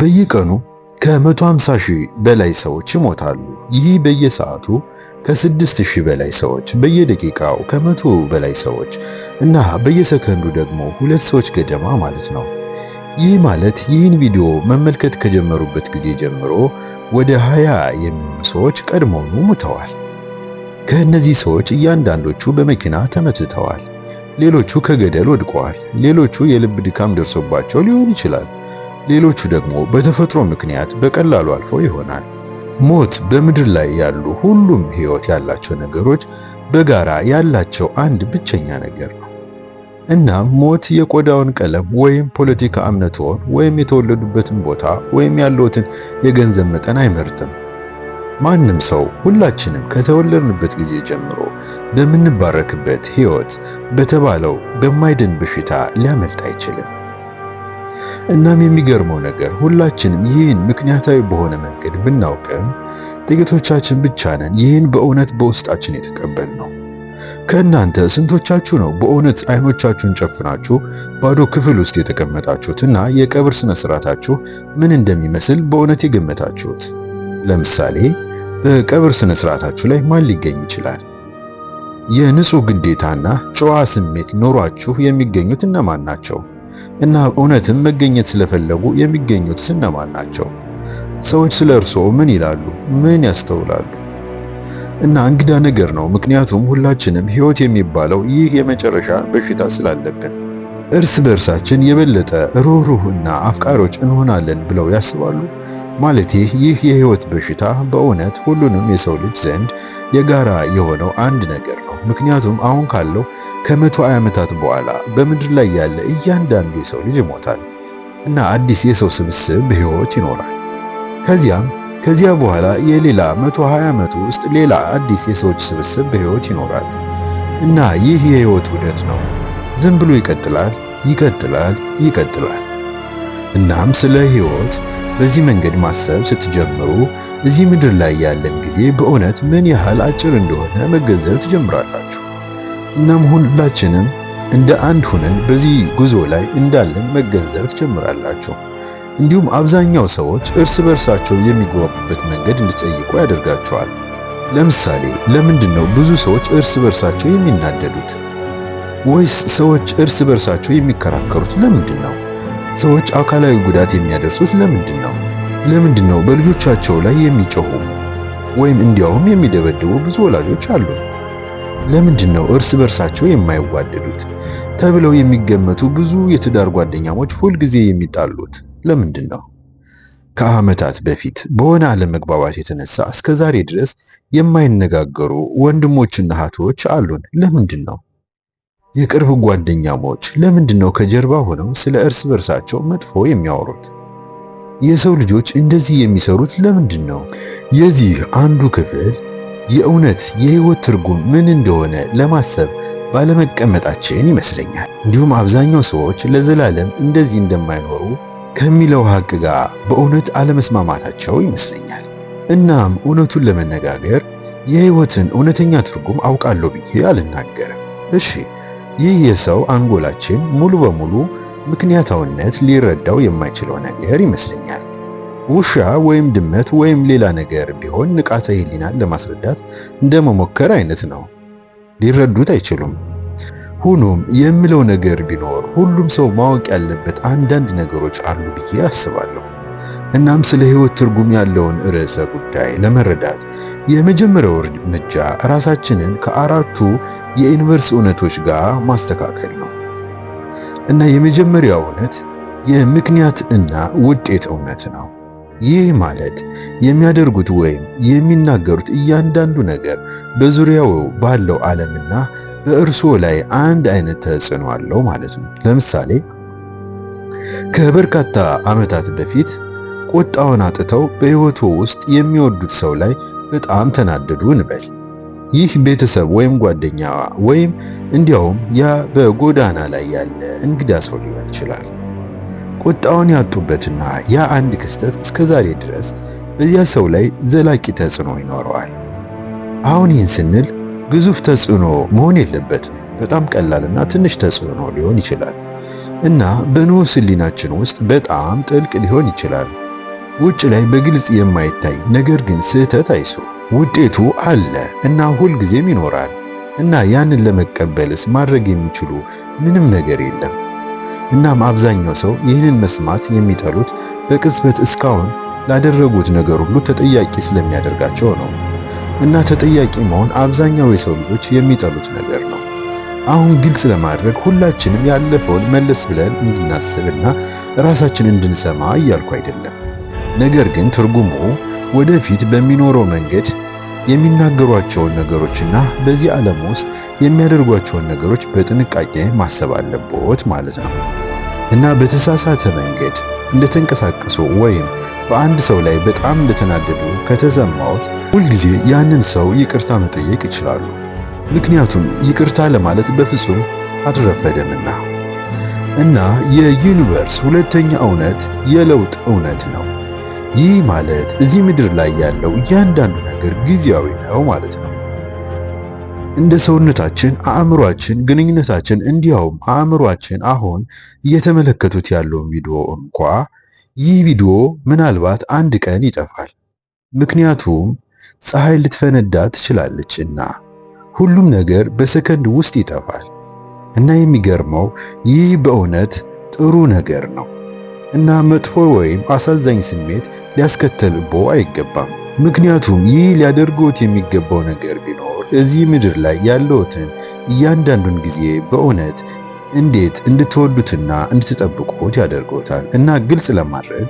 በየቀኑ ከ150 ሺህ በላይ ሰዎች ይሞታሉ። ይህ በየሰዓቱ ከ6 ሺህ በላይ ሰዎች፣ በየደቂቃው ከ100 በላይ ሰዎች እና በየሰከንዱ ደግሞ ሁለት ሰዎች ገደማ ማለት ነው። ይህ ማለት ይህን ቪዲዮ መመልከት ከጀመሩበት ጊዜ ጀምሮ ወደ 20 የሚሆኑ ሰዎች ቀድሞውኑ ሙተዋል። ከእነዚህ ሰዎች እያንዳንዶቹ በመኪና ተመትተዋል፣ ሌሎቹ ከገደል ወድቀዋል፣ ሌሎቹ የልብ ድካም ደርሶባቸው ሊሆን ይችላል። ሌሎቹ ደግሞ በተፈጥሮ ምክንያት በቀላሉ አልፈው ይሆናል። ሞት በምድር ላይ ያሉ ሁሉም ሕይወት ያላቸው ነገሮች በጋራ ያላቸው አንድ ብቸኛ ነገር ነው እና ሞት የቆዳውን ቀለም ወይም ፖለቲካ እምነትዎን ወይም የተወለዱበትን ቦታ ወይም ያለዎትን የገንዘብ መጠን አይመርጥም። ማንም ሰው ሁላችንም ከተወለድንበት ጊዜ ጀምሮ በምንባረክበት ሕይወት በተባለው በማይድን በሽታ ሊያመልጥ አይችልም። እናም የሚገርመው ነገር ሁላችንም ይህን ምክንያታዊ በሆነ መንገድ ብናውቅም ጥቂቶቻችን ብቻ ነን ይህን በእውነት በውስጣችን የተቀበል ነው። ከእናንተ ስንቶቻችሁ ነው በእውነት አይኖቻችሁን ጨፍናችሁ ባዶ ክፍል ውስጥ የተቀመጣችሁትና የቀብር ስነ ስርዓታችሁ ምን እንደሚመስል በእውነት የገመታችሁት? ለምሳሌ በቀብር ስነ ስርዓታችሁ ላይ ማን ሊገኝ ይችላል? የንጹህ ግዴታና ጨዋ ስሜት ኖሯችሁ የሚገኙት እነማን ናቸው? እና እውነትም መገኘት ስለፈለጉ የሚገኙት እነማን ናቸው? ሰዎች ስለ እርስዎ ምን ይላሉ? ምን ያስተውላሉ? እና እንግዳ ነገር ነው። ምክንያቱም ሁላችንም ሕይወት የሚባለው ይህ የመጨረሻ በሽታ ስላለብን እርስ በእርሳችን የበለጠ ሩህሩህ እና አፍቃሪዎች እንሆናለን ብለው ያስባሉ። ማለት ይህ የሕይወት በሽታ በእውነት ሁሉንም የሰው ልጅ ዘንድ የጋራ የሆነው አንድ ነገር ነው። ምክንያቱም አሁን ካለው ከመቶ ዓመታት በኋላ በምድር ላይ ያለ እያንዳንዱ የሰው ልጅ ይሞታል እና አዲስ የሰው ስብስብ ህይወት ይኖራል። ከዚያም ከዚያ በኋላ የሌላ 120 ዓመት ውስጥ ሌላ አዲስ የሰዎች ስብስብ በህይወት ይኖራል እና ይህ የህይወት ውደት ነው። ዝም ብሎ ይቀጥላል፣ ይቀጥላል፣ ይቀጥላል። እናም ስለ ህይወት በዚህ መንገድ ማሰብ ስትጀምሩ እዚህ ምድር ላይ ያለን ጊዜ በእውነት ምን ያህል አጭር እንደሆነ መገንዘብ ትጀምራላችሁ። እናም ሁላችንም እንደ አንድ ሆነን በዚህ ጉዞ ላይ እንዳለን መገንዘብ ትጀምራላችሁ። እንዲሁም አብዛኛው ሰዎች እርስ በርሳቸው የሚግባቡበት መንገድ እንዲጠይቁ ያደርጋቸዋል። ለምሳሌ ለምንድን ነው ብዙ ሰዎች እርስ በርሳቸው የሚናደዱት? ወይስ ሰዎች እርስ በርሳቸው የሚከራከሩት ለምንድን ነው? ሰዎች አካላዊ ጉዳት የሚያደርሱት ለምንድን ነው? ለምንድን ነው በልጆቻቸው ላይ የሚጮሁ ወይም እንዲያውም የሚደበድቡ ብዙ ወላጆች አሉ? ለምንድን ነው እርስ በርሳቸው የማይዋደዱት ተብለው የሚገመቱ ብዙ የትዳር ጓደኛሞች ሁልጊዜ የሚጣሉት ለምንድን ነው? ከዓመታት በፊት በሆነ አለመግባባት የተነሳ እስከ ዛሬ ድረስ የማይነጋገሩ ወንድሞችና እህቶች አሉን። ለምንድን ነው? የቅርብ ጓደኛሞች ለምንድን ነው ከጀርባ ሆነው ስለ እርስ በርሳቸው መጥፎ የሚያወሩት? የሰው ልጆች እንደዚህ የሚሰሩት ለምንድን ነው? የዚህ አንዱ ክፍል የእውነት የህይወት ትርጉም ምን እንደሆነ ለማሰብ ባለመቀመጣችን ይመስለኛል። እንዲሁም አብዛኛው ሰዎች ለዘላለም እንደዚህ እንደማይኖሩ ከሚለው ሀቅ ጋር በእውነት አለመስማማታቸው ይመስለኛል። እናም እውነቱን ለመነጋገር የህይወትን እውነተኛ ትርጉም አውቃለሁ ብዬ አልናገርም። እሺ ይህ የሰው አንጎላችን ሙሉ በሙሉ ምክንያታውነት ሊረዳው የማይችለው ነገር ይመስለኛል። ውሻ ወይም ድመት ወይም ሌላ ነገር ቢሆን ንቃተ ህሊናን ለማስረዳት እንደመሞከር አይነት ነው። ሊረዱት አይችሉም። ሆኖም የምለው ነገር ቢኖር ሁሉም ሰው ማወቅ ያለበት አንዳንድ ነገሮች አሉ ብዬ አስባለሁ። እናም ስለ ህይወት ትርጉም ያለውን ርዕሰ ጉዳይ ለመረዳት የመጀመሪያው እርምጃ ራሳችንን ከአራቱ የዩኒቨርስ እውነቶች ጋር ማስተካከል እና የመጀመሪያው እውነት የምክንያት እና ውጤት እውነት ነው። ይህ ማለት የሚያደርጉት ወይም የሚናገሩት እያንዳንዱ ነገር በዙሪያው ባለው ዓለምና በእርስዎ ላይ አንድ አይነት ተጽዕኖ አለው ማለት ነው። ለምሳሌ ከበርካታ ዓመታት በፊት ቁጣውን አጥተው በሕይወቱ ውስጥ የሚወዱት ሰው ላይ በጣም ተናደዱ እንበል። ይህ ቤተሰብ ወይም ጓደኛ ወይም እንዲያውም ያ በጎዳና ላይ ያለ እንግዳ ሰው ሊሆን ይችላል። ቁጣውን ያጡበትና ያ አንድ ክስተት እስከ ዛሬ ድረስ በዚያ ሰው ላይ ዘላቂ ተጽዕኖ ይኖረዋል። አሁን ይህን ስንል ግዙፍ ተጽዕኖ መሆን የለበትም። በጣም ቀላልና ትንሽ ተጽዕኖ ሊሆን ይችላል እና በንዑስ ሕሊናችን ውስጥ በጣም ጥልቅ ሊሆን ይችላል። ውጭ ላይ በግልጽ የማይታይ ነገር ግን ስህተት አይስሩ። ውጤቱ አለ እና ሁልጊዜም ይኖራል እና ያንን ለመቀበልስ ማድረግ የሚችሉ ምንም ነገር የለም። እናም አብዛኛው ሰው ይህንን መስማት የሚጠሉት በቅጽበት እስካሁን ላደረጉት ነገር ሁሉ ተጠያቂ ስለሚያደርጋቸው ነው። እና ተጠያቂ መሆን አብዛኛው የሰው ልጆች የሚጠሉት ነገር ነው። አሁን ግልጽ ለማድረግ ሁላችንም ያለፈውን መለስ ብለን እንድናስብና ራሳችን እንድንሰማ እያልኩ አይደለም፣ ነገር ግን ትርጉሙ ወደፊት በሚኖረው መንገድ የሚናገሯቸውን ነገሮችና በዚህ ዓለም ውስጥ የሚያደርጓቸውን ነገሮች በጥንቃቄ ማሰብ አለቦት ማለት ነው እና በተሳሳተ መንገድ እንደተንቀሳቀሱ ወይም በአንድ ሰው ላይ በጣም እንደተናደዱ ከተሰማዎት ሁልጊዜ ያንን ሰው ይቅርታ መጠየቅ ይችላሉ። ምክንያቱም ይቅርታ ለማለት በፍጹም አትረፈደምና እና የዩኒቨርስ ሁለተኛ እውነት የለውጥ እውነት ነው። ይህ ማለት እዚህ ምድር ላይ ያለው እያንዳንዱ ነገር ጊዜያዊ ነው ማለት ነው። እንደ ሰውነታችን አእምሯችን፣ ግንኙነታችን እንዲያውም አእምሯችን አሁን እየተመለከቱት ያለውን ቪዲዮ እንኳ ይህ ቪዲዮ ምናልባት አንድ ቀን ይጠፋል። ምክንያቱም ፀሐይ ልትፈነዳ ትችላለች እና ሁሉም ነገር በሰከንድ ውስጥ ይጠፋል እና የሚገርመው ይህ በእውነት ጥሩ ነገር ነው። እና መጥፎ ወይም አሳዛኝ ስሜት ሊያስከተልቦ አይገባም። ምክንያቱም ይህ ሊያደርጎት የሚገባው ነገር ቢኖር እዚህ ምድር ላይ ያለዎትን እያንዳንዱን ጊዜ በእውነት እንዴት እንድትወዱትና እንድትጠብቁት ያደርጎታል። እና ግልጽ ለማድረግ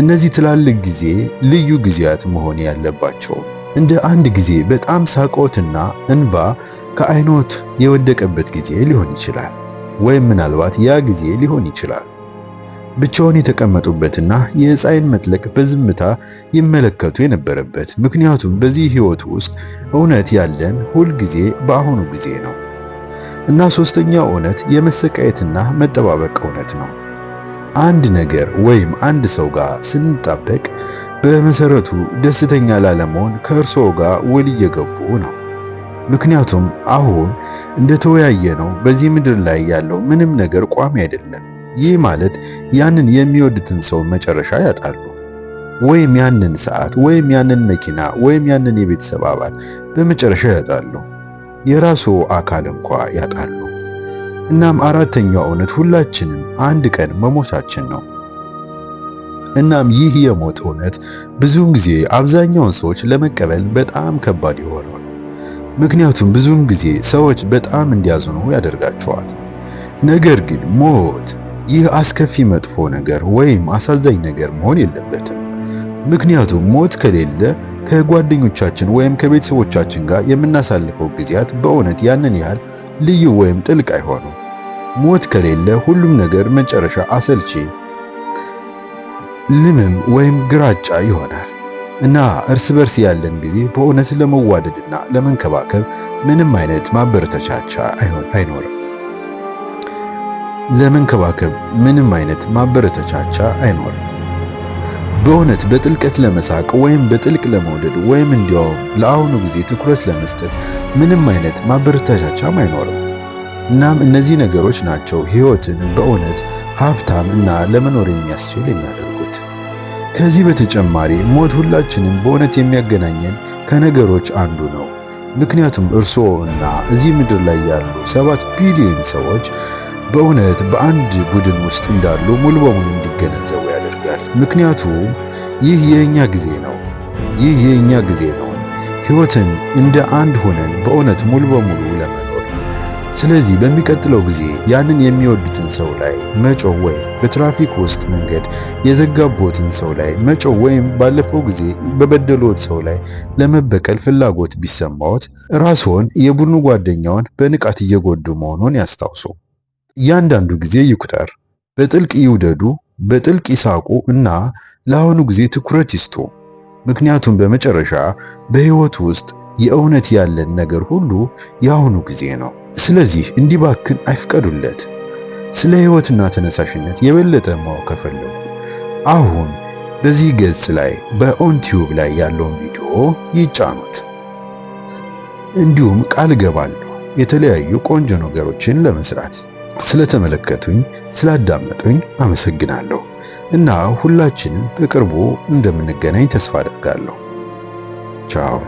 እነዚህ ትላልቅ ጊዜ ልዩ ጊዜያት መሆን ያለባቸው እንደ አንድ ጊዜ በጣም ሳቆትና እንባ ከአይኖት የወደቀበት ጊዜ ሊሆን ይችላል፣ ወይም ምናልባት ያ ጊዜ ሊሆን ይችላል ብቻውን የተቀመጡበትና የፀሐይን መጥለቅ በዝምታ ይመለከቱ የነበረበት። ምክንያቱም በዚህ ህይወት ውስጥ እውነት ያለን ሁል ጊዜ በአሁኑ ጊዜ ነው እና ሶስተኛው እውነት የመሰቃየትና መጠባበቅ እውነት ነው። አንድ ነገር ወይም አንድ ሰው ጋር ስንጣበቅ በመሰረቱ ደስተኛ ላለመሆን ከእርስዎ ጋር ውል እየገቡ ነው። ምክንያቱም አሁን እንደተወያየ ነው በዚህ ምድር ላይ ያለው ምንም ነገር ቋሚ አይደለም። ይህ ማለት ያንን የሚወዱትን ሰው መጨረሻ ያጣሉ፣ ወይም ያንን ሰዓት ወይም ያንን መኪና ወይም ያንን የቤተሰብ አባል በመጨረሻ ያጣሉ፣ የራሱ አካል እንኳ ያጣሉ። እናም አራተኛው እውነት ሁላችንም አንድ ቀን መሞታችን ነው። እናም ይህ የሞት እውነት ብዙውን ጊዜ አብዛኛውን ሰዎች ለመቀበል በጣም ከባድ ይሆናል። ምክንያቱም ብዙውን ጊዜ ሰዎች በጣም እንዲያዝኑ ያደርጋቸዋል። ነገር ግን ሞት ይህ አስከፊ መጥፎ ነገር ወይም አሳዛኝ ነገር መሆን የለበትም። ምክንያቱም ሞት ከሌለ ከጓደኞቻችን ወይም ከቤተሰቦቻችን ጋር የምናሳልፈው ጊዜያት በእውነት ያንን ያህል ልዩ ወይም ጥልቅ አይሆኑም። ሞት ከሌለ ሁሉም ነገር መጨረሻ አሰልቺ፣ ልምም ወይም ግራጫ ይሆናል እና እርስ በርስ ያለን ጊዜ በእውነት ለመዋደድና ለመንከባከብ ምንም አይነት ማበረታቻ አይኖርም። ለመንከባከብ ምንም አይነት ማበረታቻ አይኖርም። በእውነት በጥልቀት ለመሳቅ ወይም በጥልቅ ለመውደድ ወይም እንዲያውም ለአሁኑ ጊዜ ትኩረት ለመስጠት ምንም አይነት ማበረታቻም አይኖርም። እናም እነዚህ ነገሮች ናቸው ሕይወትን በእውነት ሀብታም እና ለመኖር የሚያስችል የሚያደርጉት። ከዚህ በተጨማሪ ሞት ሁላችንም በእውነት የሚያገናኘን ከነገሮች አንዱ ነው። ምክንያቱም እርስዎ እና እዚህ ምድር ላይ ያሉ ሰባት ቢሊዮን ሰዎች በእውነት በአንድ ቡድን ውስጥ እንዳሉ ሙሉ በሙሉ እንዲገነዘቡ ያደርጋል። ምክንያቱም ይህ የእኛ ጊዜ ነው። ይህ የእኛ ጊዜ ነው። ሕይወትን እንደ አንድ ሆነን በእውነት ሙሉ በሙሉ ለመኖር። ስለዚህ በሚቀጥለው ጊዜ ያንን የሚወዱትን ሰው ላይ መጮህ ወይም በትራፊክ ውስጥ መንገድ የዘጋቦትን ሰው ላይ መጮህ ወይም ባለፈው ጊዜ በበደሎት ሰው ላይ ለመበቀል ፍላጎት ቢሰማዎት ራስዎን የቡድኑ ጓደኛውን በንቃት እየጎዱ መሆኑን ያስታውሱ። እያንዳንዱ ጊዜ ይቁጠር፣ በጥልቅ ይውደዱ፣ በጥልቅ ይሳቁ እና ለአሁኑ ጊዜ ትኩረት ይስጡ። ምክንያቱም በመጨረሻ በሕይወት ውስጥ የእውነት ያለን ነገር ሁሉ የአሁኑ ጊዜ ነው። ስለዚህ እንዲባክን አይፍቀዱለት። ስለ ሕይወትና ተነሳሽነት የበለጠ ማወቅ ከፈለጉ አሁን በዚህ ገጽ ላይ በኦንቲዩብ ላይ ያለውን ቪዲዮ ይጫኑት። እንዲሁም ቃል እገባለሁ የተለያዩ ቆንጆ ነገሮችን ለመስራት ስለተመለከቱኝ፣ ስላዳመጡኝ አመሰግናለሁ እና ሁላችንም በቅርቡ እንደምንገናኝ ተስፋ አደርጋለሁ። ቻው።